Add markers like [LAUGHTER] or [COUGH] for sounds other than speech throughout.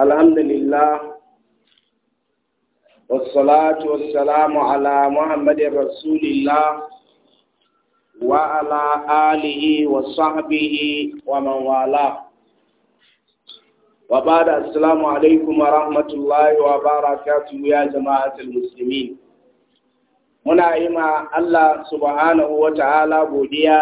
الحمد لله والصلاة والسلام على محمد رسول الله وعلى آله وصحبه ومن والاه وبعد السلام عليكم ورحمة الله وبركاته يا جماعة المسلمين muna إما الله سبحانه وتعالى بوديا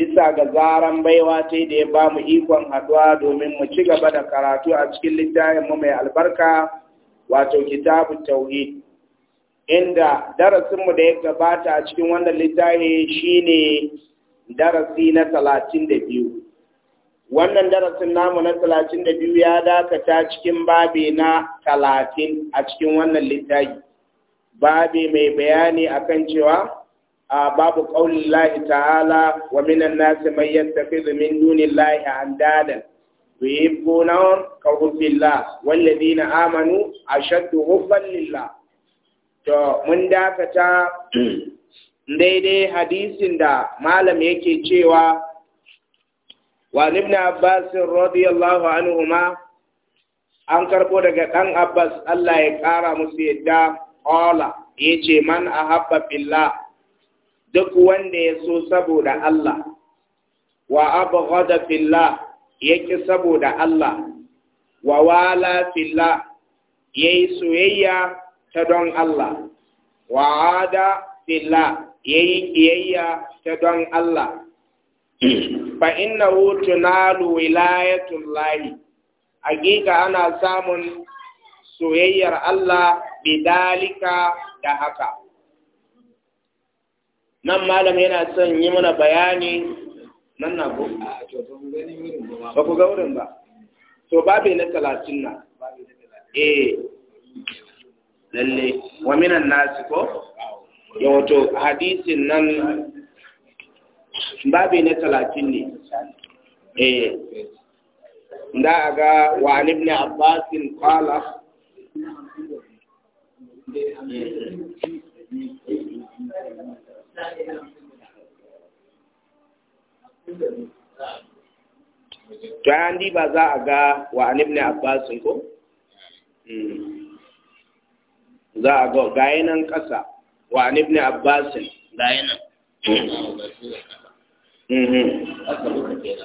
bisa ga zaran baiwa ce da ya ba mu ikon haɗuwa domin mu ci gaba da karatu a cikin littafinmu mai albarka wato kitabu tauhid inda darasinmu da ya gabata a cikin wannan littafi shine darasi na talatin wannan darasin namu na talatin da biyu ya dakata cikin babi na talatin a cikin wannan littafi babi mai bayani akan cewa a babu qaulin lahi ta'ala wa minan nasi man yattakhidhu min dunillahi andadan yuhibbunahum ka hubbillah walladhina amanu ashaddu hubban lillah to mun dakata [CLEARS THROAT] daidai hadisin da malam yake cewa wa ibn abbas radiyallahu ma an karɓo daga ɗan abbas Allah ya ƙara musu yadda qala yace man ahabba billah duk wanda ya so saboda Allah wa abghada fillah yake saboda Allah wa wala fillah yayi soyayya ta don Allah wa ada fillah yayi kiyayya ta don Allah fa innahu tunalu lahi hakika ana samun soyayyar Allah bidalika da haka nan malam yana son yi mana bayani nan na ko ba ku ga wurin ba to babe na talatin na eh lalle wa minan nasi ko ya wato hadisin nan babe na talatin ne eh da a ga wa ibn abbasin qala eh. to an ba za a ga wa an ibn ko hmm. za a ga gaye nan kasa wa an ibn abbas nan hmm, hmm.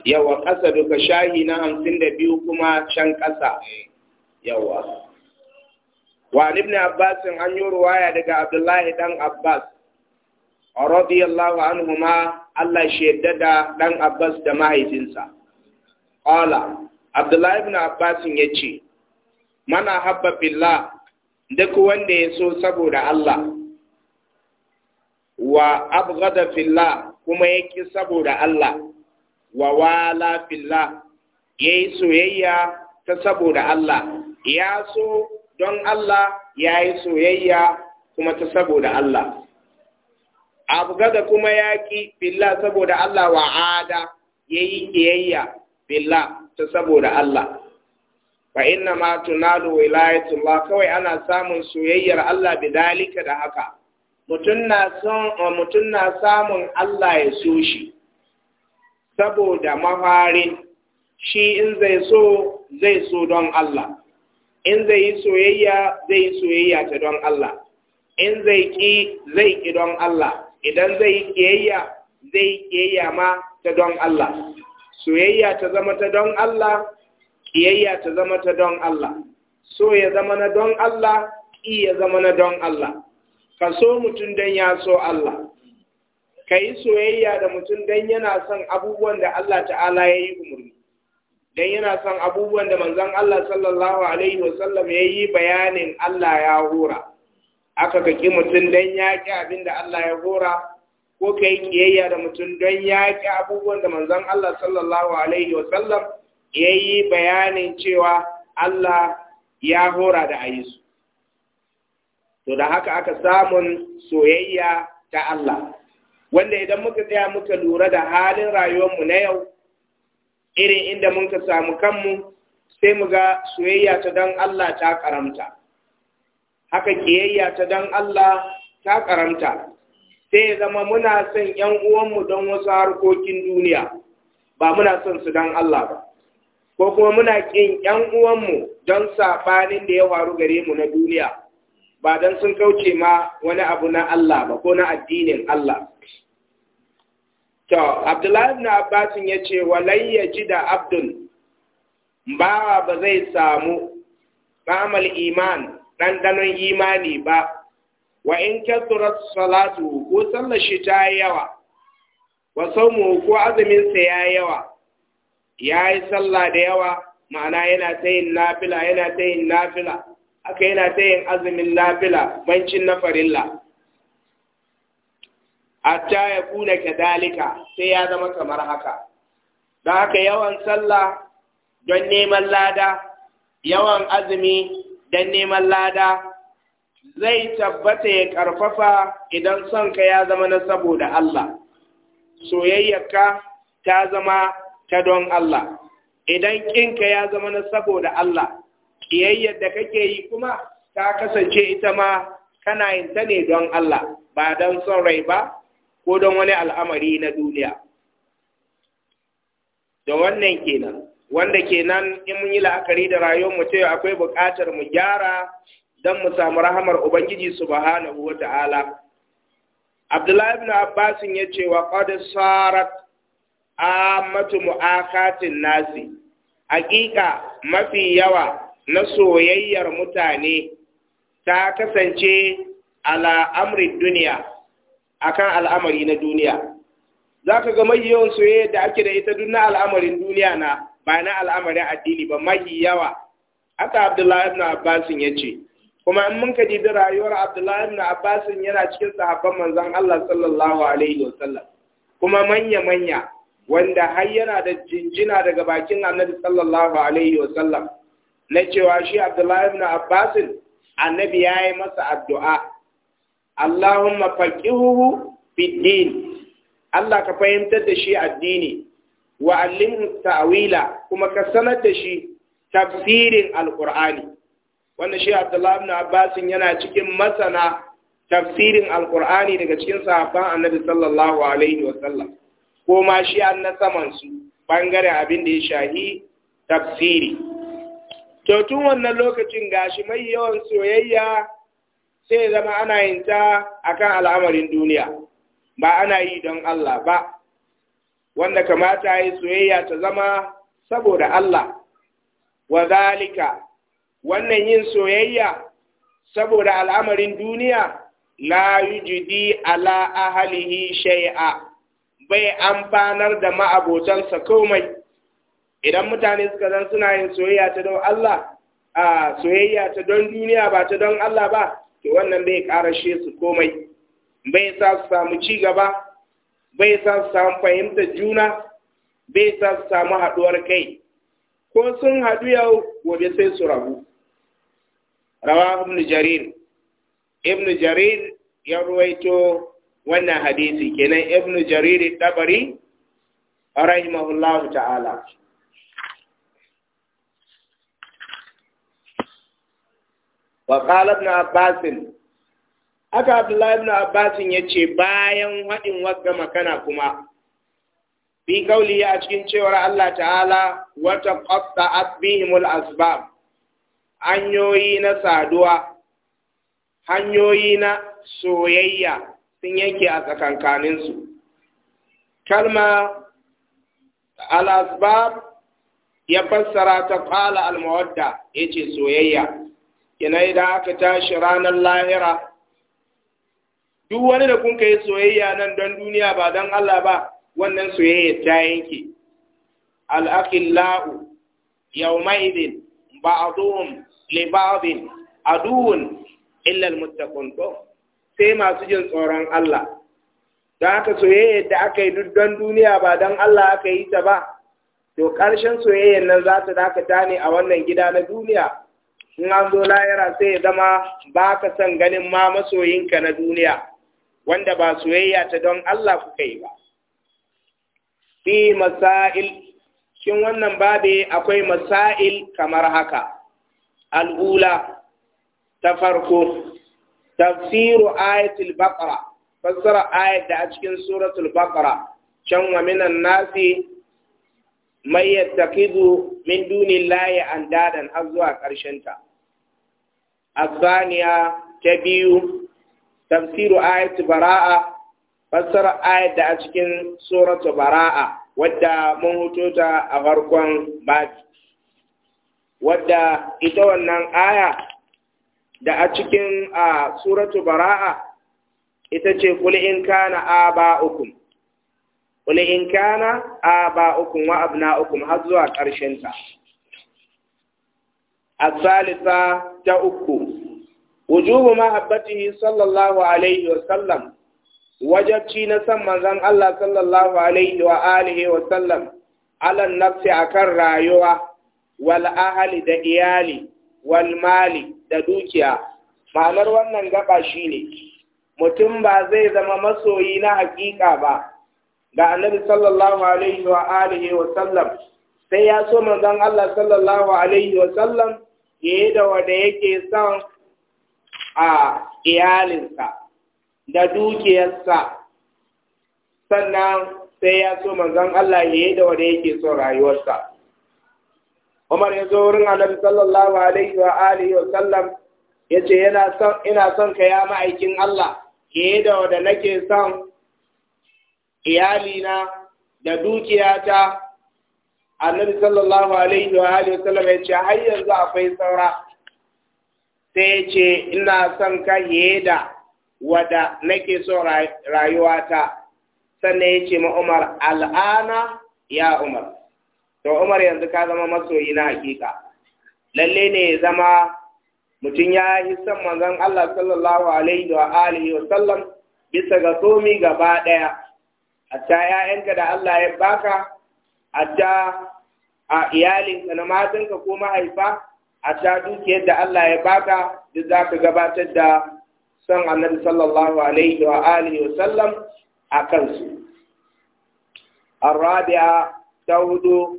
yawa kasa duka shahi na hamsin da biyu kuma can kasa yawa wa an ibn an yi ruwaya daga abdullahi dan abbas radiyallahu anhuma Allah shi yadda da dan Abbas da mahaifinsa qala Abdullahi ibn Abbas yace mana habba billah duk wanda ya so saboda Allah wa abghada fillah kuma yake saboda Allah wa wala fillah yayi soyayya ta saboda Allah ya so don Allah yayi soyayya kuma ta saboda Allah abgada kuma yaki billah saboda Allah wa ada yayi kiyayya billah ta saboda Allah fa inna ma tunalu ba, kawai ana samun soyayyar Allah bidalika da haka mutun na son eh, mutun na samun Allah ya so shi saboda maharin, shi in zai so zai so don Allah in zai yi soyayya zai yi soyayya ta don Allah in zai ki zai ki don Allah idan zai kiyayya zai kiyayya ma ta don Allah soyayya ta zama ta don Allah kiyayya ta zama ta don Allah so ya zama na don Allah ki ya zama na don Allah ka so mutum don ya so Allah ka yi soyayya da mutum don yana son abubuwan da Allah ta'ala ya yi umarni don yana son abubuwan da manzon Allah sallallahu alaihi wasallam ya yi bayanin Allah ya hura aka kaki mutum don ya ƙi abin da Allah ya hora ko ka yi ƙiyayya da mutum don ya ƙi abubuwan da manzan Allah sallallahu alaihi wasallam ya yi bayanin cewa Allah ya hora da a yi su. To da haka aka samun soyayya ta Allah. Wanda idan muka tsaya muka lura da halin rayuwarmu na yau, irin inda muka samu kanmu, sai muga soyayya ta don Allah ta karamta. haka kiyayya ta dan Allah ta karanta sai zama muna son ‘yan uwanmu don wasu harkokin duniya ba muna son su don Allah ba, ko kuma muna ƙin ‘yan uwanmu don saɓanin da ya faru gare mu na duniya ba don sun kauce ma wani abu na Allah ba ko na addinin Allah. To, Abdullahi ibn Abbasin ya ce, walayya ji da Abdul, bawa ba zai samu ƙamal iman ɗanɗanon imani ba wa in kasurat salatu ko sallar shi ta yawa wa saumu ko azumin sa ya yawa ya yi sallah da yawa ma'ana yana ta yin nafila yana ta yin nafila aka yana ta yin azumin nafila bancin na farilla ta ya kuna kadalika sai ya zama kamar haka don haka yawan sallah don neman lada yawan azumi dan neman lada zai tabbata ya karfafa idan son ka ya zama na saboda Allah soyayyarka ta zama ta don Allah idan kinka ya zama na saboda Allah kiyayyar da kake yi kuma ta kasance ita ma kana yin ta ne don Allah ba don son rai ba ko don wani al'amari na duniya da wannan kenan wanda kenan in mun yi la'akari da rayuwar mu cewa akwai buƙatar mu gyara don mu samu rahamar ubangiji subhanahu wa ta'ala abdullahi ibn abbas ya ce wa qad sarat amatu mu'akatin nasi Haƙiƙa mafi yawa na soyayyar mutane ta kasance ala amri duniya akan al'amari na duniya Za ka ga mai yawan soyayyar da ake da ita duk na al'amarin duniya na ba na al'amarin addini ba mahi yawa haka abdullahi ibn abbas ya ce kuma in mun kaji da rayuwar abdullahi ibn abbas yana cikin sahabban manzon Allah sallallahu alaihi wasallam kuma manya manya wanda har yana da jinjina daga bakin annabi sallallahu alaihi wasallam na cewa shi abdullahi ibn abbas annabi yayi masa addu'a Allahumma faqihuhu fid din Allah ka fahimtar da shi addini wa allimhu ta'wila kuma ka sanar da shi tafsirin alqur'ani wannan shi abdullahi ibn Abbas yana cikin masana tafsirin alqur'ani daga cikin sahabban Annabi sallallahu alaihi wa sallam ko ma shi an na saman su bangare abin da ya shahi tafsiri to tun wannan lokacin gashi mai yawan soyayya sai zama ana yin ta akan al'amarin duniya ba ana yi don Allah ba wanda kamata yi soyayya ta zama saboda Allah wa zalika wannan yin soyayya saboda al'amarin duniya la yujidi ala ahlihi shay'a bai amfanar da ma'abotansa komai idan mutane suka zan suna yin soyayya ta don Allah a soyayya ta don duniya ba ta don Allah ba to wannan bai karashe su komai bai sa su samu ci gaba bai san san fahimta fahimtar juna bai san samu haɗuwar kai ko sun haɗu yau gobe sai su rabu rawa ibn jarir ibn jarir ya ruwaito wannan hadisi kenan ibn jarir dabari rahimahullahu ta'ala وقال ابن عباس haka abdullahi ibn abbasin ya ce bayan haɗin wadda makana kuma Bi kauli a cikin cewar Allah ta'ala wata qatta'at bihimul asbab hanyoyi na saduwa hanyoyi na soyayya sun yake a tsakankaninsu kalma al-asbab ya fassara ta qala al-mawadda yace soyayya kina idan aka tashi ranar lahira duk wani da kun yi soyayya nan don duniya ba don Allah ba wannan soyayya ta yanke al yau yawma ba a zuwan ba'din a duhun illal sai masu jin tsoron Allah don haka soyayya da aka yi duk don duniya ba don Allah aka yi ta ba to ƙarshen soyayyar nan za ta dakata ne a wannan gida na duniya in an zo layara sai ya zama ba ka son ganin ma masoyinka na duniya wanda ba soyayya ta don Allah kuka yi ba fi masail shin wannan babe akwai masail kamar haka al'ula ta farko tafsiru ayatul baqara fassara ayat da a cikin suratul baqara can wa minan nasi mai yattakidu min an andadan har zuwa ƙarshen ta asaniya ta biyu tafsiru ayat bara'a fassara ayat da a cikin suratu bara'a wadda mun huto ta a farkon baki wadda ita wannan aya da a cikin a suratu bara'a ita ce kul in kana aba'ukum kul in kana aba'ukum wa abna'ukum har zuwa ƙarshen ta الثالثة تأكو wujubu mahabbatihi sallallahu alaihi wa sallam wajabci na san manzon Allah sallallahu alaihi wa alihi wa sallam alan nafsi akan rayuwa wal ahli da iyali wal mali da dukiya ma'anar wannan gaba shine mutum ba zai zama masoyi na hakika ba ga annabi sallallahu alaihi wa alihi wa sallam sai ya so manzon Allah sallallahu alaihi wa sallam yayin da wanda yake son a iyalinsa da dukiyarsa sannan sai ya so manzon Allah ya yi da wanda yake son rayuwarsa Umar ya zo wurin Annabi sallallahu alaihi wa alihi wa sallam yace yana son ina son ka ya ma'aikin Allah ya yi da wanda nake son iyalina da dukiyata Annabi sallallahu alaihi wa alihi wa sallam yace har yanzu akwai saura sai ce ina son ka da wada nake so rayuwata sannan ya ce ma Umar al'ana ya Umar to Umar yanzu ka zama masoyi na hakika lalle ne ya zama mutum ya yi son manzon Allah sallallahu alaihi wa alihi wa sallam bisa ga komi gaba daya ta 'ya'yanka da Allah ya baka a ta a iyalinka na matanka ko mahaifa a sha dukiyar da Allah ya baka da za ka gabatar da son annabi sallallahu alaihi wa alihi wa sallam a kansu. Arabiya ta hudu,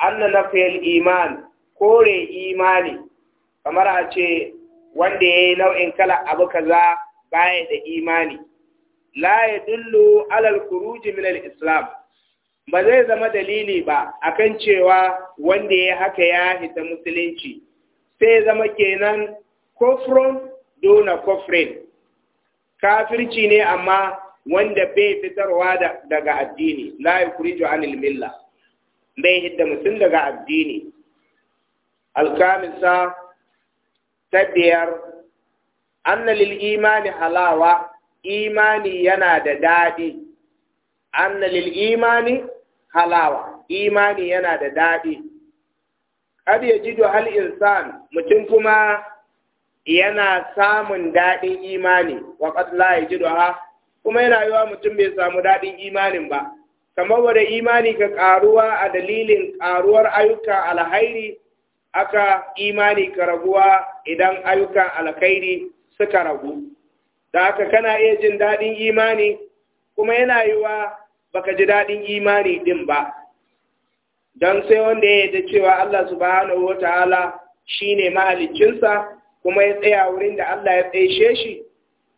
anna na iman, kore imani, kamar a ce wanda ya yi nau'in kala abu kaza baya da imani. La ya dullu alal kuruji min islam ba zai zama dalili ba akan cewa wanda ya haka ya hita musulunci. sai zama kenan kofron dona kofrin kafirci ne amma wanda bai fitarwa daga addini la yukhriju anil milla bai hidda mutum daga addini alkamisa ta biyar anna lil imani halawa imani yana da daɗi anna lil imani halawa imani yana da daɗi ya yajidu hal insan mutum kuma yana samun daɗin imani wa qad la yajidu ha kuma yana yiwa mutum bai samu daɗin imanin ba kamar wada imani ka ƙaruwa, a dalilin ƙaruwar ayyuka alhairi aka imani ka raguwa idan ayyuka alkhairi suka ragu da aka kana iya jin daɗin imani kuma yana yiwa baka ji daɗin imani din ba don sai wanda ya yarda cewa Allah subhanahu shi shine mahaliccinsa kuma ya tsaya wurin da Allah ya tsaye shi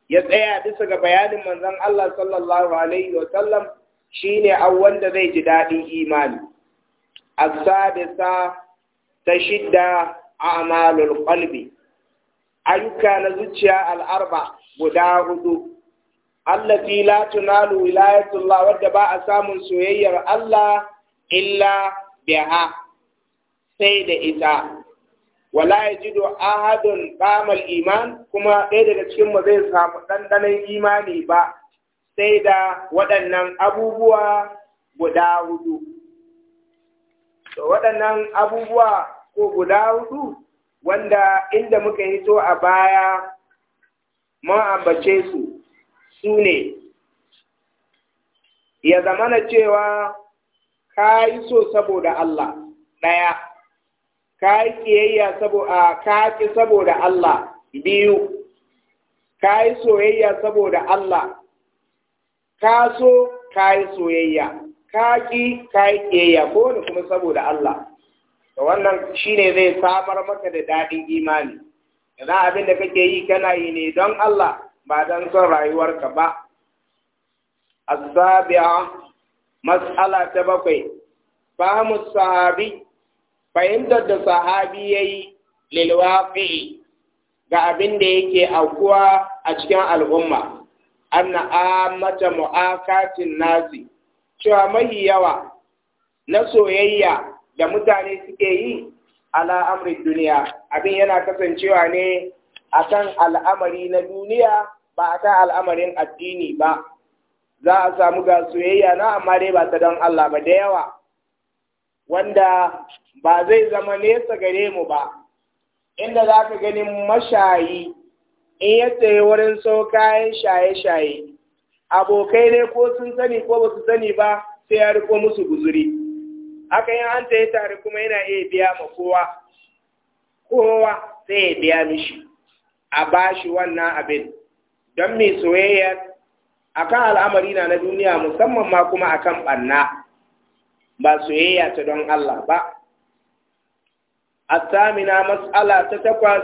ya tsaya bisa ga bayanin manzon Allah sallallahu alaihi wa sallam shine awwan da zai ji dadin imani as sa, ta shidda a a'malul qalbi ayyuka na zuciya al'arba guda hudu allati la tunalu wilayatullah wadda ba a samun soyayyar Allah illa biha sai da ita wala yajidu ahadun qamal iman kuma ɗaya daga cikin mu zai samu ɗanɗanon imani ba sai da waɗannan abubuwa guda hudu to waɗannan abubuwa ko guda hudu wanda inda muka hito a baya mun ambace su su ne ya zamana cewa ka yi so saboda Allah ɗaya ka yi kiyayya saboda ka ƙi saboda Allah biyu ka yi soyayya saboda Allah ka so ka yi soyayya ka ƙi, ka yi kiyayya ko wani kuma saboda Allah Da wannan shi ne zai samar maka da daɗin imani yana abin da kake yi kana yi ne don Allah ba don son rayuwarka ba السابعة mas'ala ta bakwai fahimu sahabi fahimtar da sahabi ya yi lilwafi ga abin da yake aukuwa a cikin al'umma anna mata mu'akatin nazi. cewa mai yawa na soyayya da mutane suke yi al’amurin duniya abin yana kasancewa ne a kan al'amari na duniya ba a kan al'amarin addini ba za a samu ga soyayya na amma dai ba ta don Allah ba da yawa wanda ba zai zama nesa gare mu ba inda za ka ganin mashayi in ya tsaye wurin so kayan shaye-shaye abokai ne ko sun sani ko ba su sani ba sai ya riko musu guzuri haka yi an tsaye tare kuma yana iya biya ma kowa kowa sai ya biya mishi a bashi wannan abin don mai soyayyar akan al'amari na duniya musamman ma kuma akan ɓanna ba soyayya ta don Allah ba Samina mas'ala ta takwas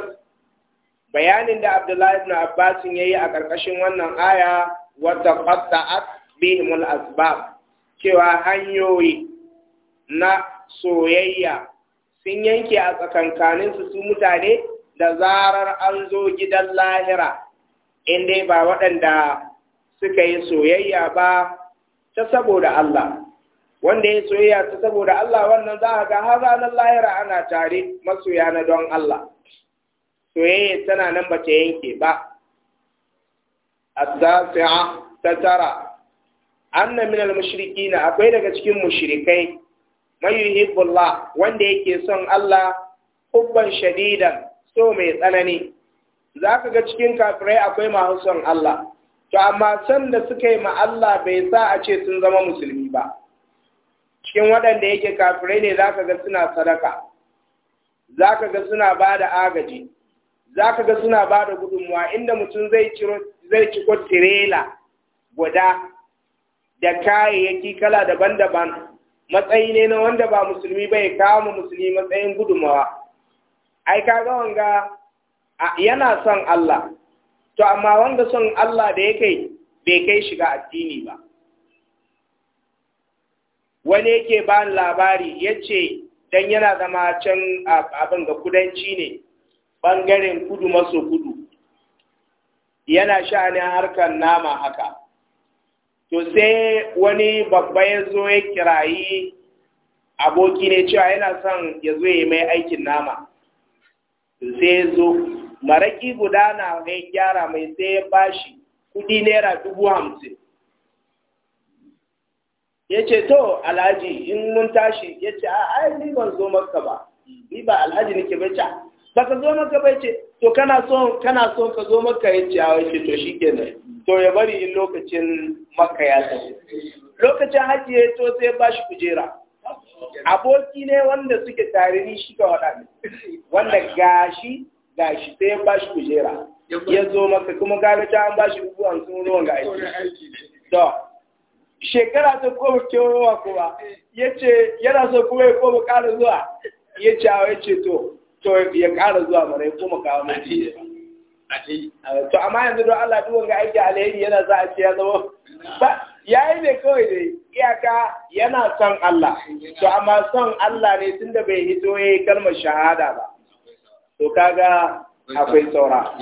bayanin da Abdullahi ibn Abbas yayi a ƙarƙashin wannan aya wata bihim al asbab cewa hanyoyi na soyayya sun yanke a tsakankaninsu su mutane da zarar an zo gidan lahira in ba waɗanda suka yi soyayya ba ta saboda Allah wanda ya soyayya ta saboda Allah wannan za a ga har ranar lahira ana tare masoya na don Allah soyayya tana nan ba ta yanke ba at ta tara annaminal minal mashiriki mushrikina akwai daga cikin mushrikai Mayu Hibbullah, wanda yake son Allah hubban shadidan so mai tsanani Za ka ga cikin kafirai akwai masu son Allah to amma can da suka yi ma Allah bai sa a ce sun zama musulmi ba cikin waɗanda yake kafirai ne za ka ga suna sadaka za ka ga suna ba da agaji za ka ga suna ba da gudunmuwa inda mutum zai ci ko tirela guda da kayayyaki kala daban-daban matsayi ne na wanda ba musulmi ba ya kama musulmi matsayin gudunmawa ai kaga wanga yana son Allah to amma wanda son Allah da yake bai kai shiga addini ba wani yake ba labari ya ce don yana zama can abin ga kudanci ne ɓangaren kudu maso kudu yana sha'anin harkar nama haka to sai wani babba ya zo ya kirayi aboki ne cewa yana son ya zo ya mai aikin nama sai zo maraki guda na mai gyara mai sai bashi kudi naira dubu hamsin ya ce to alhaji in mun tashi ya ce a ai ni ban zo maka ba ni ba alhaji nake ba ce ba ka zo maka ba ce to kana so kana so ka zo maka ya ce a ce to shikenan to ya bari in lokacin maka ya tafi lokacin haji ya to sai ba shi kujera aboki ne wanda suke tare ni shi ka waɗa wanda gashi ga shi sai ya bashi kujera ya zo maka kuma gane ta an bashi an kuma ruwan ga aiki to shekara ta kuma kewa kuma ya ce yana so kuma ya kuma ƙara zuwa ya ce a ya ce to to ya ƙara zuwa mara ya kuma kawo mai to amma yanzu don Allah duk wanga aiki alheri yana za a ce ya zama ba Ya yi ne kawai da iyaka yana son Allah to amma son Allah ne tunda bai hito yi kalmar shahada ba to kaga akwai saura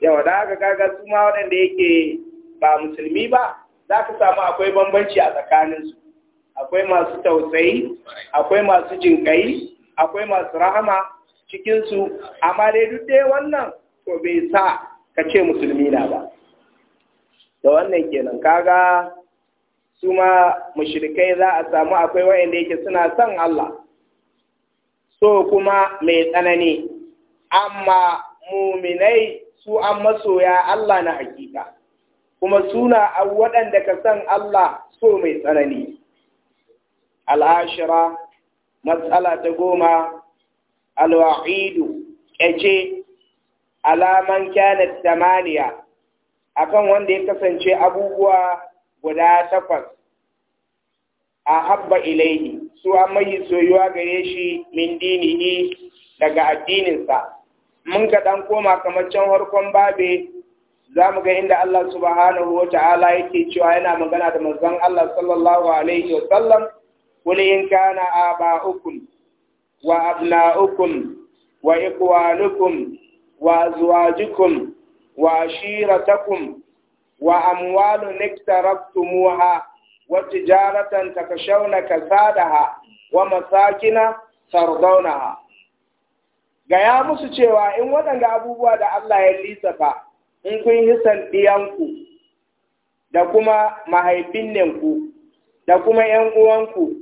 yawa da haka kaga su ma waɗanda yake ba musulmi ba za ka samu akwai bambanci a tsakaninsu akwai masu tausayi akwai masu jinƙai akwai masu rahama cikinsu amma dai duk dai wannan to bai sa ka ce musulmi na ba da wannan kenan kaga su ma mushrikai za a samu akwai waɗanda yake suna son Allah so kuma mai tsanani amma muminai su an masoya Allah na hakika kuma suna a waɗanda ka san Allah so mai tsanani al'ashira matsala ta goma alwa'idu ƙyace alaman kyanar tamaniya akan wanda ya kasance abubuwa guda takwas a habba ilaihi su an mai soyuwa ga shi min dinihi daga addininsa mun ka dan koma kamar can harkon babe za mu ga inda Allah subhanahu wa ta'ala yake cewa yana magana da manzon Allah sallallahu alaihi wa sallam qul in kana aba'ukum wa abna'ukum wa ikwanukum wa azwajukum wa ashiratakum wa amwalun iktaraftumuha wa تكشون كسادها ومساكن ترضونها gaya musu cewa in waɗanda abubuwa da Allah ya lissafa in kun hisan ɗiyanku da kuma mahaifinninku da kuma ‘yan uwanku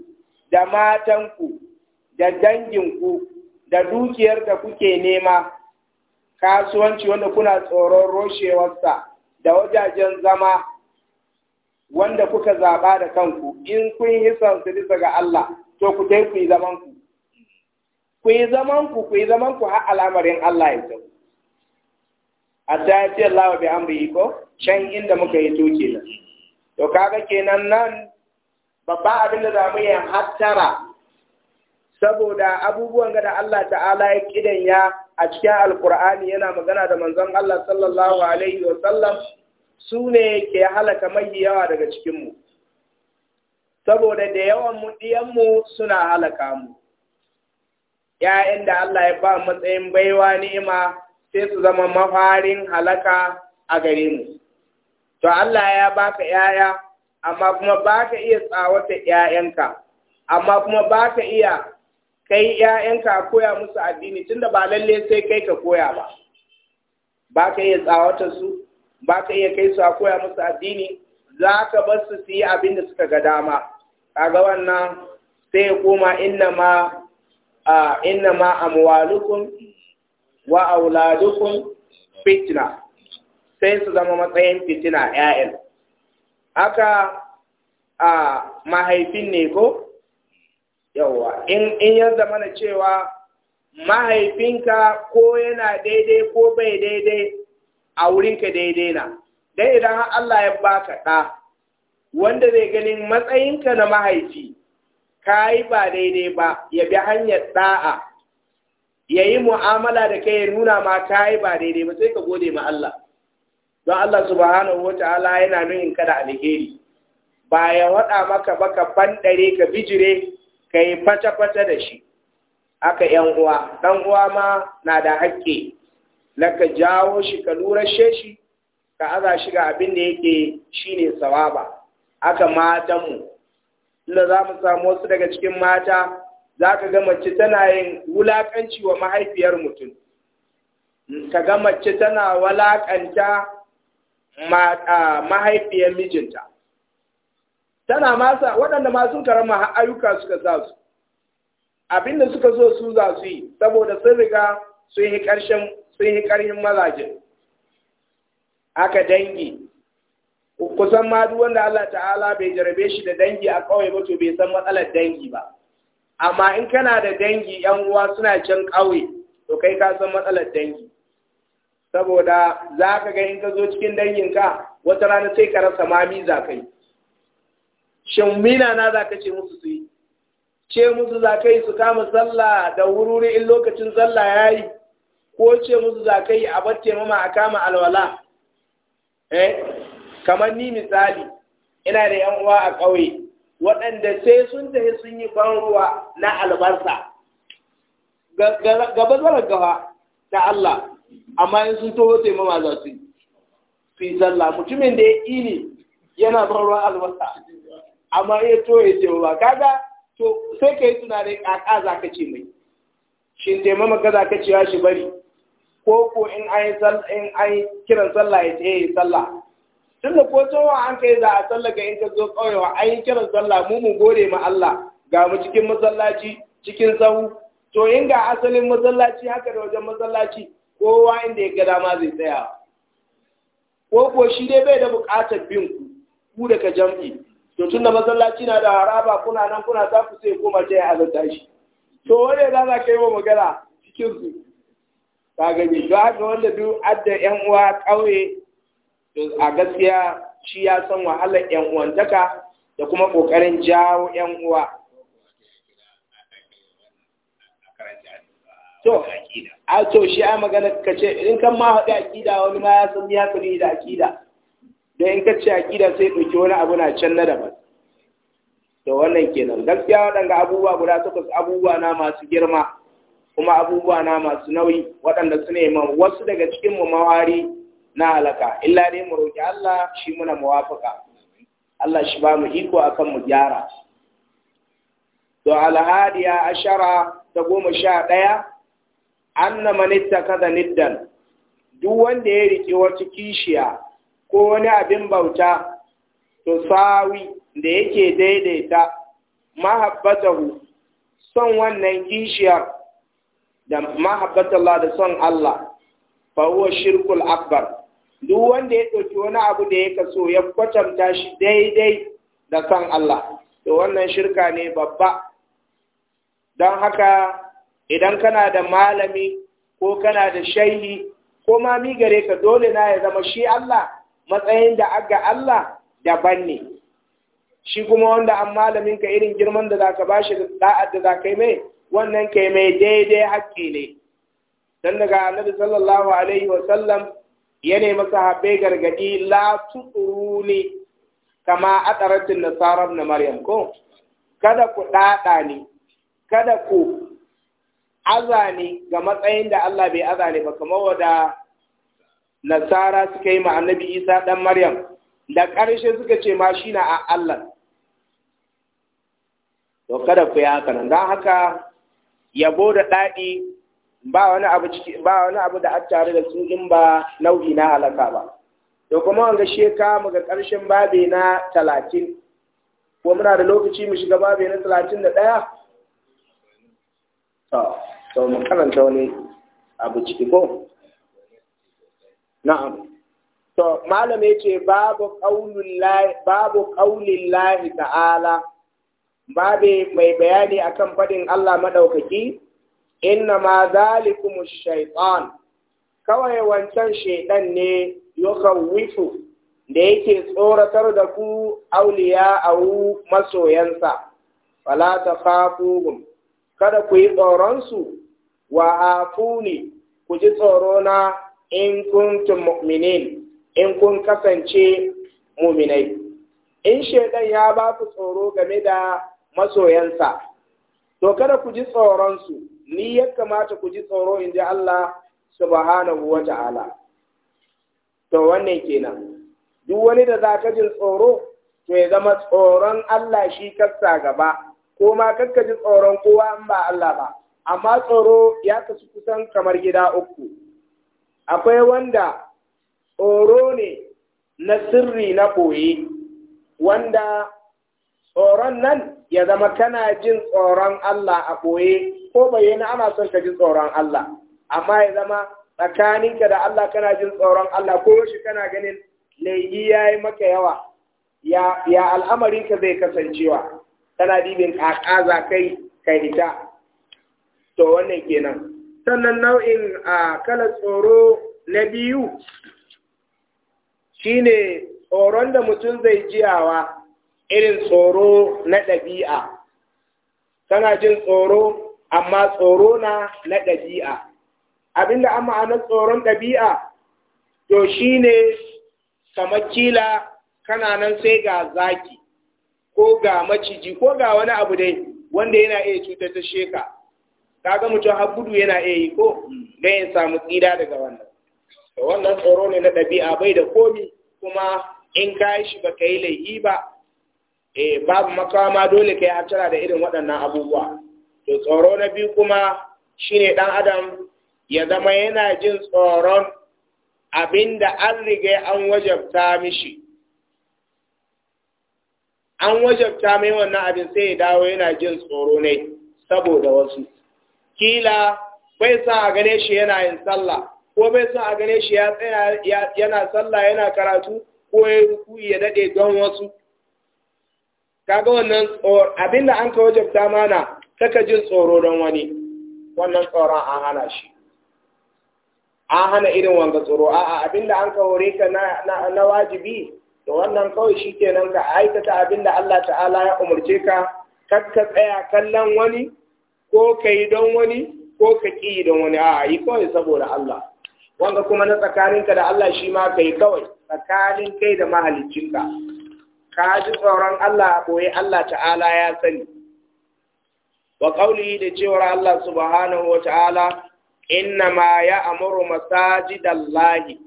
da matanku da danginku da dukiyar da kuke nema kasuwanci wanda kuna tsoron roshewarsa da wajajen zama wanda kuka zaɓa da kanku in kun yi sansu bisa ga Allah to ku tai ku yi zaman ku ku yi zaman ku ku yi zaman ku har al'amarin Allah ya tafi. hatta ya ce Allah wa bi amri ko can inda muka yi to kenan to kaga kenan nan babba abin da zamu yi hattara saboda abubuwan da Allah ta'ala ya kidan ya a cikin alkur'ani yana magana da manzon Allah sallallahu alaihi wa sallam su ne ke halaka mai yawa daga cikinmu saboda da yawan mu suna halaka mu ‘ya'yan da Allah ya ba matsayin baiwa nema sai su zama mafarin halaka a gare mu to Allah ya baka ‘ya'ya amma kuma baka iya tsawata ‘ya'yanka amma kuma baka iya kai ‘ya'yanka koya musu addini tunda ba lalle sai kai ka koya ba baka iya tsawata su ba ka iya kai su a koya musu addini za ka bar su su yi abin da suka ga dama kaga wannan sai kuma inna ma a inna ma amwalukum wa auladukum sai su zama matsayin fitina ƴaƴan aka a mahaifin ne ko yawa in in ya zama na cewa mahaifinka ko yana daidai ko bai daidai a wurinka daidai na dan idan Allah ya baka ɗa wanda zai ganin matsayinka na mahaifi ka yi ba daidai ba ya bi hanyar ɗa'a ya yi mu'amala da kai ya nuna ma ka yi ba daidai ba sai ka gode ma Allah don Allah subhanahu wa ta'ala yana nuhin ka da alheri ba ya waɗa maka ba ka bandare ka bijire ka yi fata-fata da shi aka ‘yan uwa ɗan uwa ma na da haƙƙi na ka jawo shi ka lurashe shi ka aza shi ga abin da yake ne sawaba aka matanmu inda za mu samu wasu daga cikin mata za ka ga mace tana yin wulaƙanci wa mahaifiyar mutum ka ga mace tana wulaƙanta mahaifiyar mijinta tana masa waɗanda masu karama ayyuka suka sa su abinda suka zo su za su yi saboda sun riga sun yi ƙarshen sun yi ƙarfin mazaje aka dangi kusan ma duk wanda Allah ta'ala bai jarabe shi da dangi a ƙauye ba to bai san matsalar dangi ba amma in kana da dangi yan uwa suna can ƙauye to kai ka san matsalar dangi saboda za ka ga in ka zo cikin danginka wata rana sai ka rasa mami za ka yi shin mina na za ka ce musu su yi ce musu za ka yi su kama sallah da wururi in lokacin sallah ya yi ko ce musu za ka yi abar bar taimama a kama alwala eh kamar ni misali ina da yan uwa a ƙauye waɗanda sai sun tafi sun yi ban ruwa na albarsa gaba zara gaba ta Allah amma in sun taho taimama za su yi su yi sallah mutumin da ya ƙi yana ban ruwa albarsa amma ya to ya taimama kaga to sai ka yi tunanin ƙaƙa za ka ce mai shin taimama ka za ka cewa shi bari ko ko in ai in ai kiran sallah ya ce yi eh, sallah tunda ko tsowa an kai za a ga in ka zo kauyewa an yi kiran sallah mu mu gode ma Allah ga mu cikin masallaci cikin sahu to in ga asalin masallaci haka da wajen masallaci kowa inda ya ga dama zai tsaya ko ko shi dai bai da buƙatar bin ku ku daga jam'i to tunda masallaci na da haraba kuna nan kuna za ku sai koma ce a azanta shi to wanda za ka yi wa magana cikin su ka gani to haka wanda duk adda yan uwa ƙauye a gaskiya shi ya san wahalar yan uwantaka da kuma ƙoƙarin jawo yan uwa to a to shi a magana ka ce in kan ma haɗe akida wani ma ya san ya kuri da aƙida don in ka ce aƙida sai ɗauki wani abu na can na daban to wannan kenan gaskiya wadanga abubuwa guda takwas abubuwa na masu girma kuma abubuwa na masu nauyi waɗanda su nema wasu daga cikin mu mawari na alaka illa dai mu roki Allah shi muna muwafaka Allah shi ba mu iko akan mu gyara to alhadiya ashara ta goma sha ɗaya anna man ittakhadha niddan duk wanda ya rike wata kishiya ko wani abin bauta to sawi da yake daidaita mahabbatahu son wannan kishiyar da mahabbatallah da son Allah fa shirkul akbar duk wanda ya ɗauki wani abu da ya kaso ya kwatanta shi daidai da son Allah to wannan shirka ne babba don haka idan kana da malami ko kana da shaihi ko ma mi gare ka dole na ya zama shi Allah matsayin da aga Allah daban ne shi kuma wanda an malamin ka irin girman da zaka bashi da da'ad da zaka yi mai wannan ke mai daidai haƙƙi ne dan daga annabi sallallahu alaihi wa sallam ya nemi sahabbai gargadi la tuquruni kama ataratin nasarar na maryam ko kada ku ɗaɗa ni kada ku aza ni ga matsayin da Allah bai aza ni ba kamar wada nasara suka yi ma annabi isa ɗan maryam da ƙarshe suka ce ma shi na a Allah to kada ku yi haka nan don haka yabo da ɗaɗi ba wani abu ciki ba wani abu da aka tare da su in ba nau'i na halaka ba to kuma wanga sheka mu ga ƙarshen babe na talatin ko muna da lokaci mu shiga babe na talatin da ɗaya to mu karanta wani abu ciki ko na'am to malam yace babu qaulul babu qaulillahi ta'ala babe mai bayani akan faɗin Allah maɗaukaki, inna ma zalikumush shaitan, kawai wancan shaitan ne yukhawwifu da yake tsoratar da ku auliya au masoyansa, fala ta kada ku yi tsoron su. wa afuni ku ji tsoro na in kuntum mu'minin in kun kasance muminai. In shaitan ya ba ku tsoro game da masoyansa to kada ku ji tsoron su, ni ya kamata ku ji tsoro in ji Allah subhanahu wa ta'ala to wannan kenan duk wani da za ka jin tsoro to ya zama tsoron Allah shi kassa gaba ko ma kakka ji tsoron kowa in ba Allah ba amma tsoro ya kasu kusan kamar gida uku akwai wanda tsoro ne na sirri na koyi wanda tsoron nan ya zama kana jin tsoron Allah a ɓoye ko bayyana ana son ka jin tsoron Allah amma ya zama tsakaninka da Allah kana jin tsoron Allah ko shi kana ganin laifi ya yi maka yawa ya, ya al'amarinka zai kasancewa tana dibin ƙaƙa za kai kai ita to wannan kenan sannan nau'in a kala tsoro na biyu shine tsoron da mutum zai jiyawa irin tsoro na ɗabi'a Tana jin tsoro amma tsoro na na ɗabi'a da an ma'anar tsoron ɗabi'a to shine kamar kila kana nan sai ga zaki ko ga maciji ko ga wani abu dai wanda yana iya cutar ta sheka kaga mutum har gudu yana iya yi ko don ya samu tsira daga wannan wannan tsoro ne na ɗabi'a bai da komi kuma in ka shi baka yi laifi ba eh babu makawa ma dole kai hatara da irin waɗannan abubuwa to tsoro na biyu kuma shine dan adam ya zama yana jin tsoron abinda an riga an wajabta mishi an wajabta mai wannan abin sai ya dawo yana jin tsoro ne saboda wasu kila bai sa a gane shi yana yin sallah ko bai sa a gane shi ya tsaya yana sallah yana karatu ko ya ruku ya dade don wasu kaga wannan abin da an ka wajabta mana kaka jin tsoro don wani wannan tsoron an hana shi an hana irin wanga tsoro a'a abin da an ka hore ka na wajibi da wannan kawai shi ke nan ka aikata abin da Allah ta'ala ya umarce ka kakka tsaya kallon wani ko ka yi don wani ko ka ƙi don wani a yi kawai saboda Allah wanga kuma na tsakaninka da Allah shi ma ka yi kawai tsakanin kai da mahalicinka ka ji tsoron Allah a ɓoye Allah ta'ala ya sani wa ƙauli da cewar Allah subhanahu wa ta'ala inna ma ya amuru masajidallahi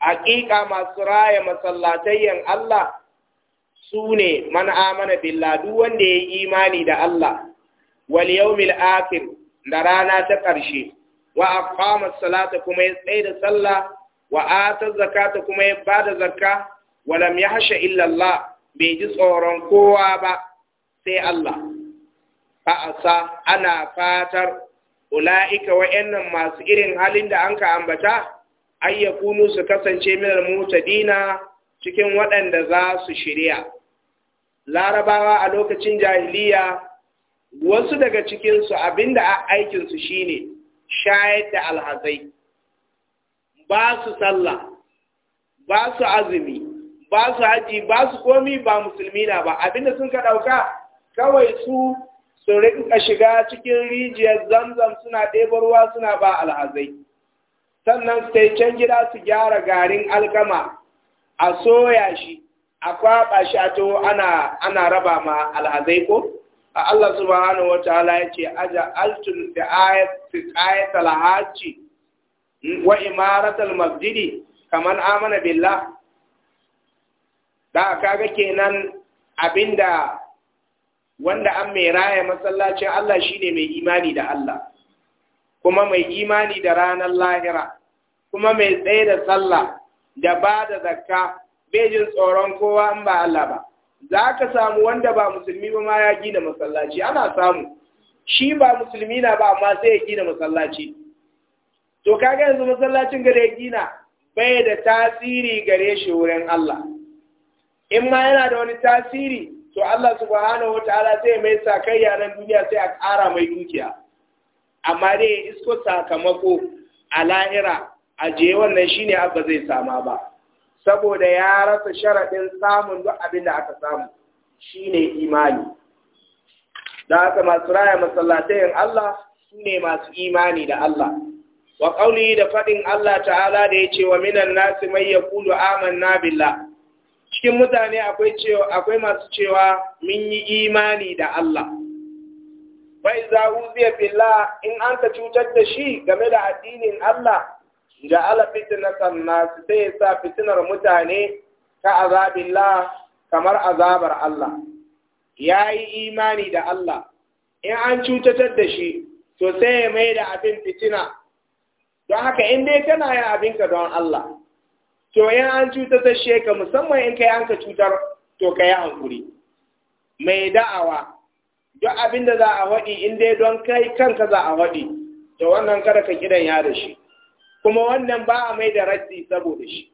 haƙiƙa masu raya masallatayyan Allah su ne man amana billah duk wanda ya yi imani da Allah wal yawmil akhir da rana ta ƙarshe wa aqama salata kuma ya tsaye da sallah wa ata zakata kuma ya bada zakka walam ya hasha illallah bai ji tsoron kowa ba sai Allah fa'asa ana fatar ula'ika wa'yannan masu irin halin da an ka ambata ayyakunu su kasance minar mutadina cikin waɗanda za su shirya larabawa a lokacin jahiliya wasu daga cikinsu abinda a aikinsu shine shayar da alhazai ba su sallah ba su azumi ba su haji ba su komi ba musulmi na ba abinda sun ka ɗauka kawai su su rinka shiga cikin rijiyar zamzam suna ɗebar ruwa suna ba al'azai. sannan sai can gida su gyara garin alkama a soya shi a kwaɓa shi a ana raba ma al'azai ko A Allah subhanahu wataala ya ce aja altun da ayat alhaji wa imaratul masjidi kaman amana billah da kaga kenan abinda wanda an mai raya masallacin Allah shine mai imani da Allah kuma mai imani da ranar lahira kuma mai tsaye da sallah da ba da zakka bai jin tsoron kowa an ba Allah ba za ka samu wanda ba musulmi ba ma ya gina masallaci ana samu shi ba musulmi na ba amma sai ya gina masallaci to kaga yanzu masallacin gare gina bai da tasiri gare shi wurin Allah in ma yana da wani tasiri to Allah subhanahu wa ta'ala sai mai sakayya nan duniya sai a ƙara mai dukiya amma dai ya isko sakamako a lahira a je wannan shine abba zai sama ba saboda ya rasa sharaɗin samun duk abin da aka samu shine imani da aka masu raya masallatayin Allah su ne masu imani da Allah wa da faɗin Allah ta'ala da ya ce wa minan nasi mai ya kulu amanna billah cikin mutane akwai cewa akwai masu cewa mun yi imani da Allah bai za uziya billah in an cutar da shi game da addinin Allah ala fitina sanna sai sa fitinar mutane ka azabillah kamar azabar Allah yayi imani da Allah in an cutatar da shi to sai ya mai da abin fitina don haka in dai kana yin abinka don Allah to in an cutar da sheka musamman in kai an ka cutar to ka yi hankuri mai da'awa duk abin da za a waɗi in dai don kai kanka za a waɗi to wannan kada ka kiran ya da shi kuma wannan ba a mai da raddi saboda shi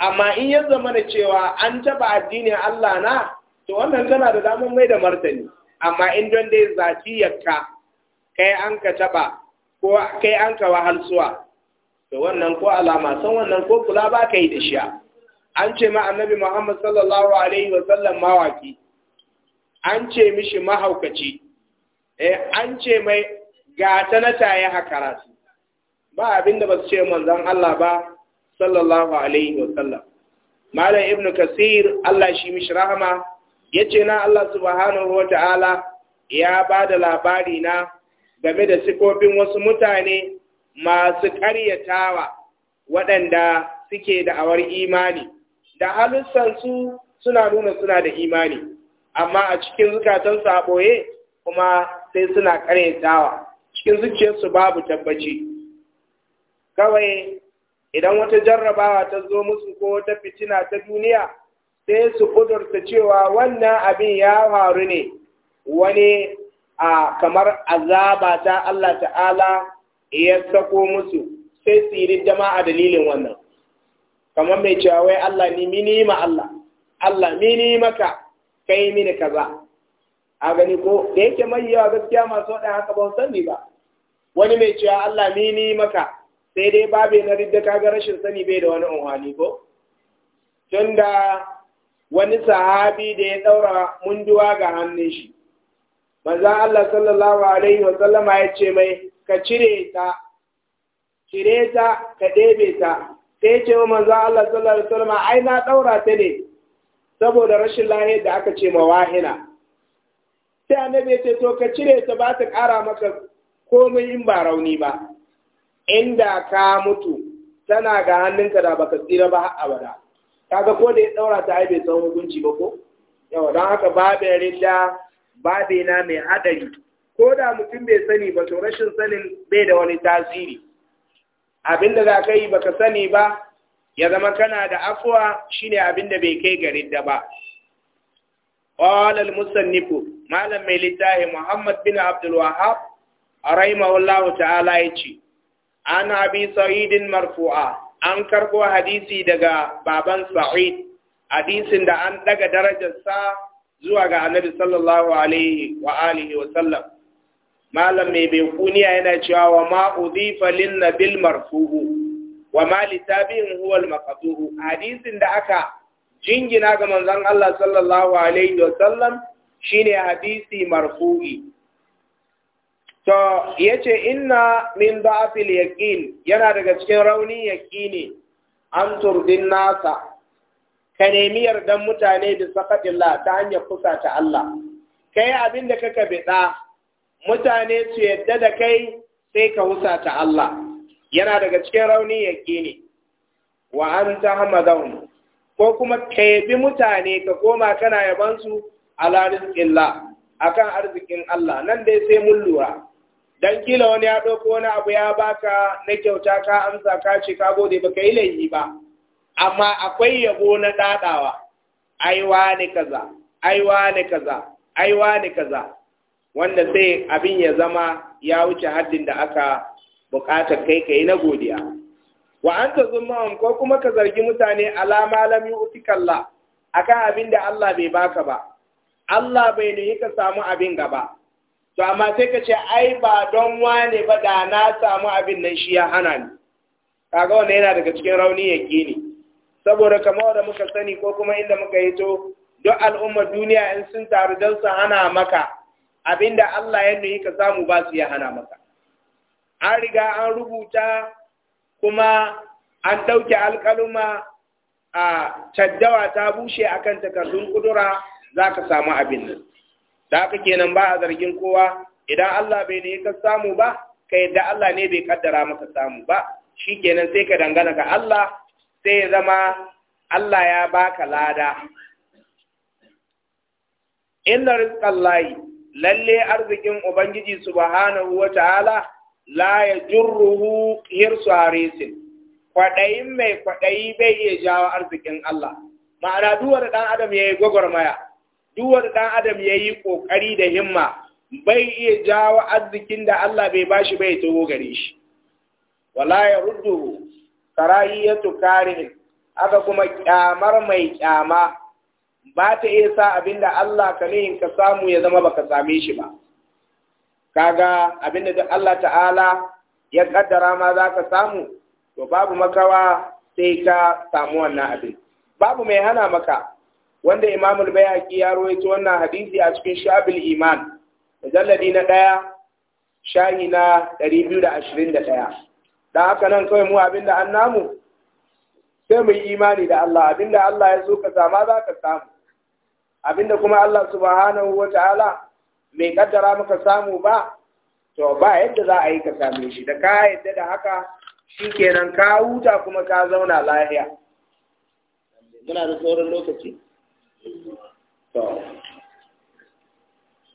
amma in ya zama da cewa an taɓa addinin Allah na to wannan kana da damar mai da martani amma in don dai yakka kai an ka taɓa ko kai an ka suwa. to wannan ko alama san wannan ko kula ba ka yi da shi an ce ma annabi Muhammad sallallahu alaihi wa sallam mawaki an ce mishi mahaukaci eh an ce mai ga na taye hakara su ba abinda ba su ce manzon Allah ba sallallahu alaihi wa sallam malam ibnu kasir Allah shi mishi rahama yace na Allah subhanahu wa ta'ala ya bada labari na game da sikofin wasu mutane masu karyatawa waɗanda suke da awar imani da halussansu suna nuna suna da imani amma a cikin zukatansu a ɓoye kuma sai suna karyatawa, cikin zuciyarsu babu tabbaci kawai idan wata jarrabawa ta zo musu ko ta fitina ta duniya sai su ƙudurta cewa wannan abin ya faru ne wani a kamar azaba ta Allah ta'ala ya sako musu sai su yi dama a dalilin wannan kamar mai cewa wai Allah ni mini ma Allah Allah mini maka kai mini kaza a gani ko da yake mai yawa gaskiya masu waɗa haka ba sani ba wani mai cewa Allah mini maka sai dai babe na ridda kaga rashin sani bai da wani unhani ko tunda wani sahabi da ya daura munduwa ga hannun shi manzo Allah sallallahu alaihi wa sallama ya ce mai ka cire ta cire ta ka ɗebe ta sai ce wa manzo Allah sallallahu alaihi wasallam ai na daura ta ne saboda rashin lahiyar da aka ce mawahina sai annabi nabe ce to ka cire ta ba ta ƙara maka komai in ba rauni ba inda ka mutu tana ga hannunka da baka tsira ba har abada kaga ko da ya daura ta ai bai san hukunci ba ko yawa don haka babin ridda babina mai haɗari. ko da mutum bai sani ba to rashin sanin bai da wani tasiri abinda za ka yi baka sani ba ya zama kana da afuwa shine abinda bai kai garin da ba qala musannifu malam mai littafi muhammad bin Abdulwahab wahhab rahimahullahu ta'ala yace an abi sa'idin marfu'a an karko hadisi daga baban sa'id hadisin da an daga darajarsa zuwa ga annabi sallallahu alaihi wa alihi wa sallam malam mai bai kuniya yana cewa wa ma udhifa lin nabil marfuhu wa ma li huwa al maqtuhu hadisin da aka jingina ga manzon Allah sallallahu alaihi wa sallam shine hadisi marfu'i to yace inna min da'fil yaqin yana daga cikin rauni yaqini an turdin nasa ka nemi yardan mutane da sakatillah ta hanyar kusa ta Allah kai abin da kaka bida mutane su yadda da kai sai ka husata Allah yana daga cikin rauni ne. wa ta hamadahum ko kuma ka yabi mutane ka koma kana yaban su ala rizqillah akan arzikin Allah nan dai sai mun lura dan kila wani ya ɗauko wani abu ya baka na kyauta ka amsa ka ce ka gode baka yi laifi ba amma akwai yabo na ɗaɗawa. ai wani kaza kaza ai wani kaza wanda sai abin ya zama ya wuce haddin da aka buƙatar kai kai na godiya wa anta zummahum ko kuma ka zargi mutane alama lam yu'tikalla akan abin da Allah bai baka ba Allah bai ne ka samu abin gaba to amma sai ka ce ai ba don wane ba da na samu abin nan shi ya hana ni kaga wannan yana daga cikin rauni yaqini saboda kamar da muka sani ko kuma inda muka yi to duk al'umma duniya in sun taru don su hana maka abinda Allah ya nuyi ka samu ba su ya hana maka an riga an rubuta kuma an ɗauke alƙaluma a caddawa ta bushe a kan takardun ƙudura za ka samu abin nan da haka kenan ba a zargin kowa idan Allah bai ne ka samu ba ka yadda Allah ne bai kaddara maka samu ba shi kenan sai ka dangana ga Allah sai ya zama Allah ya baka lada inna rizqallahi lalle arzikin ubangiji subhanahu ta'ala la yajurruhu hirsu harisin kwaɗayin mai kwaɗayi bai iya jawo arzikin Allah ma'ana duwar ɗan adam ya yi gwagwarmaya duwar ɗan adam ya yi ƙoƙari da himma bai iya jawo arzikin da Allah bai bashi bai taho gare shi wala ya ruddu ya tukari, aka kuma ƙyamar mai ƙyama. ba ta iya sa abin da Allah ka ne ka samu ya zama baka same shi ba Ka ga abin da Allah ta'ala ya kaddara ma za ka samu to babu makawa sai ka samu wannan abin babu mai hana maka wanda imamul bayhaqi ya rawaito wannan hadisi a cikin shabil iman mujalladi na ɗaya. shahi na ɗaya. Da haka nan kawai mu abin da an namu sai mu yi imani da Allah Abin da Allah ya so ka sama za ka samu Abin da kuma Allah subhanahu wa ta'ala mai kaddara maka samu ba to ba yadda za a yi ka same shi da ka yadda da haka shi kenan ka huta kuma ka zauna lahiya. muna da tsoron lokaci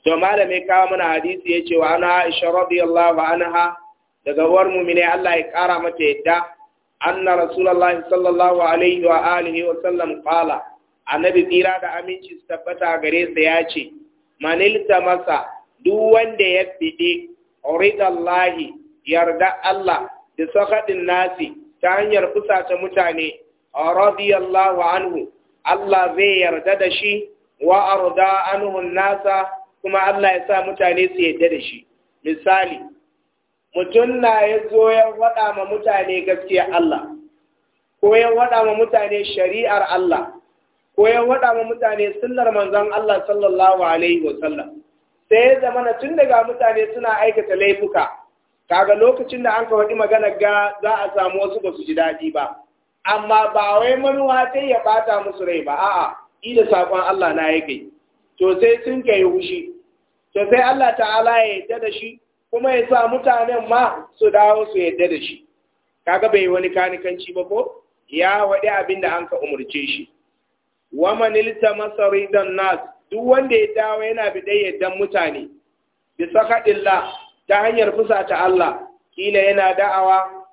to malamai kawo mana hadisi ya ce, wa ana Aisha radiyallahu anha daga uwar ne, Allah ya kara mata yadda anna rasulallah sallallahu alaihi wa alihi wa sallam kala. annabi tsira da aminci su tabbata gare su, ya ce manilta masa duk wanda ya fide Allahi yarda Allah da sakadin nasi ta hanyar fusata mutane radiyallahu anhu Allah zai yarda da shi wa arda anhu nasa kuma Allah ya sa mutane su yarda da shi misali mutum na ya zo ya waɗa ma mutane gaskiya Allah ko ya waɗa ma mutane shari'ar Allah ko ya waɗa ma mutane sunnar manzon Allah sallallahu alaihi sallam sai ya zama na tun daga mutane suna aikata laifuka kaga lokacin da an ka faɗi magana ga za a samu wasu ba su ji daɗi ba amma ba wai manuwa sai ya bata musu rai ba a'a ila saƙon Allah na yake to sai sun kai hushi to sai Allah ta'ala ya yadda da shi kuma ya sa mutanen ma su dawo su yadda da shi kaga bai wani kanikanci ba ko ya waɗi abin da an ka umurce shi wa man iltamasa ridan nas duk wanda ya dawo yana bidai yaddan mutane bi sakadillah ta hanyar ta Allah kila yana da'awa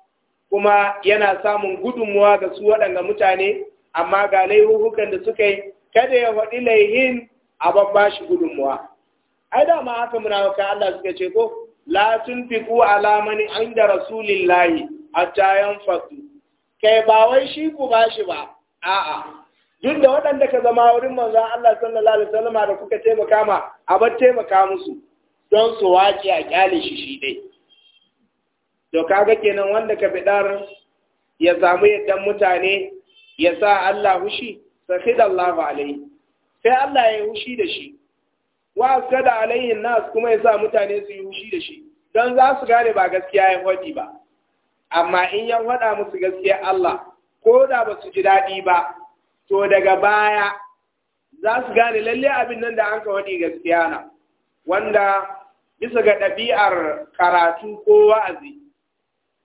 kuma yana samun gudunmuwa ga su waɗanda mutane amma ga laihuhukan da suka yi kada ya faɗi laihin a babba shi gudunmuwa ai da ma haka munafuka Allah suka ce ko la tunfiqu ala man inda rasulillahi hatta yanfasu kai ba wai shi ku bashi ba a'a duk da waɗanda ka zama wurin manzon Allah sallallahu alaihi wasallam da kuka taimaka ma a bar taimaka musu don su wace a kyale shi shi dai to kaga kenan wanda ka bidar ya samu yaddan mutane ya sa Allah hushi sakhidallahu alaihi sai Allah ya yi hushi da shi wa askada alaihi nas kuma ya sa mutane su yi hushi da shi don za su gane ba gaskiya ya faɗi ba amma in ya haɗa musu gaskiya Allah ko da ba su ji daɗi ba to daga baya za su gane lalle abin nan da an ka waɗi gaskiya na wanda bisa ga ɗabi'ar karatu ko wa'azi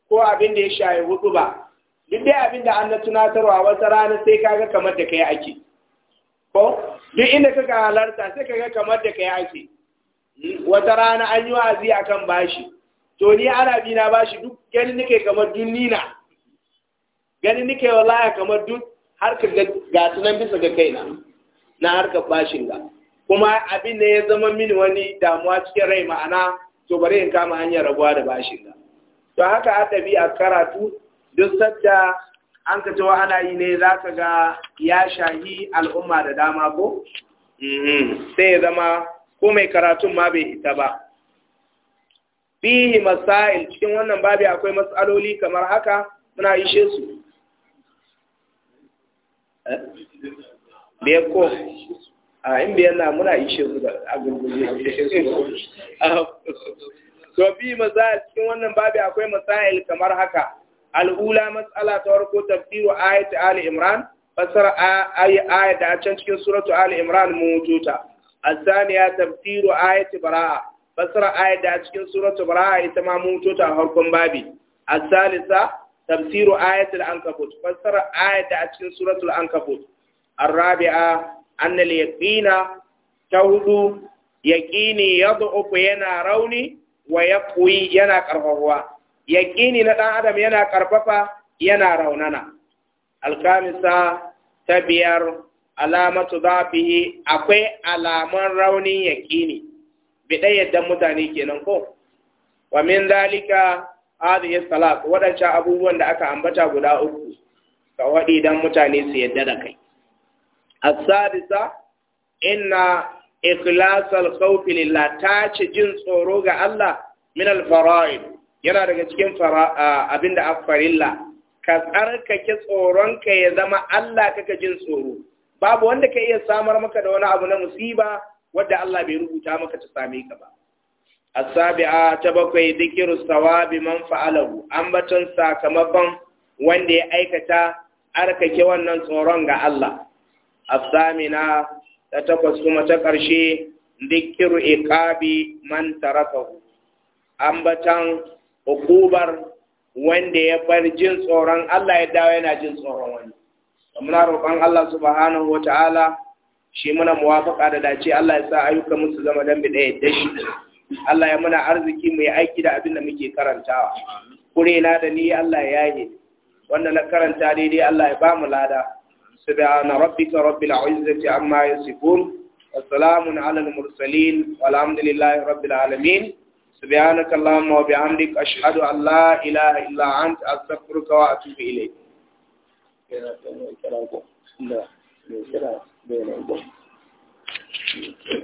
ko abin da ya shaye hudu ba duk dai abin da an na tunatarwa wata rana sai kaga kamar da kai ake ko duk inda ga halarta sai kaga kamar da kai ake wata rana an yi wa'azi akan bashi to ni arabi na bashi duk ganin nake kamar dunnina ganin nake wallahi kamar duk har ka ga nan bisa ga kaina na harkar bashin ga kuma abin da ya zama mini wani damuwa cikin rai ma'ana to bari in kama hanyar rabuwa da bashin ga to haka a karatu duk sadda an ka wahala yi ne za ka ga ya shahi al'umma da dama ko mhm. sai ya zama ko mai karatun ma bai ita ba fihi masail cikin wannan babi akwai matsaloli kamar haka muna ishe su biyar ko a in biyar na muna yi su da abin guje [LAUGHS] to bi maza a cikin wannan babi akwai masail kamar haka al'ula matsala ta farko tafsiru ayat ali imran fasara ayat da can cikin suratu ali imran mututa الثانية تفسير آية براءة فسر آية دا cikin suratul bara'a ita ma mun tota a harkon babi asalisa tafsiru ayatul ankabut fassara ayat da a cikin suratul ankabut arabi'a anna ta hudu. tawdu yaqini uku yana rauni wa yaqwi yana karfafa yaqini na ɗan adam yana karfafa yana raunana alkamisa ta biyar alamatu zafihi akwai alaman raunin yaƙini bidai mutane kenan ko wa min zalika hadhihi salat wadancan abubuwan da aka ambata guda uku ga wadi dan mutane su yadda da kai as-sadisa inna ikhlas al-khawf lillah ta ce jin tsoro ga Allah min al-fara'id yana daga cikin abinda afarilla ka tsarkake tsoronka ya zama Allah kaka jin tsoro babu wanda ka iya samar maka da wani abu na musiba wanda Allah bai rubuta maka ta same ka ba asabi'a ta bakwai dikiru sawabi man fa'alahu ambaton sakamakon wanda ya aikata arkake wannan tsoron ga Allah asamina ta takwas kuma ta ƙarshe dikiru iqabi man tarakahu ambatan hukubar wanda ya bar jin tsoron Allah ya dawo yana jin tsoron wani muna roƙon Allah subhanahu wataala shi muna muwafaka da dace Allah ya sa ayyukan musu zama dambe ɗaya da shi Allah ya muna arziki mai aiki da abin da muke karantawa kure na da ni Allah ya yi wanda na karanta daidai Allah ya bamu lada na subhana rabbika rabbil izzati amma yasifun wassalamu ala al mursalin walhamdulillahi rabbil alamin subhanaka allahumma wa bihamdik ashhadu an la ilaha illa an astaghfiruka wa atubu ilayk Thank you.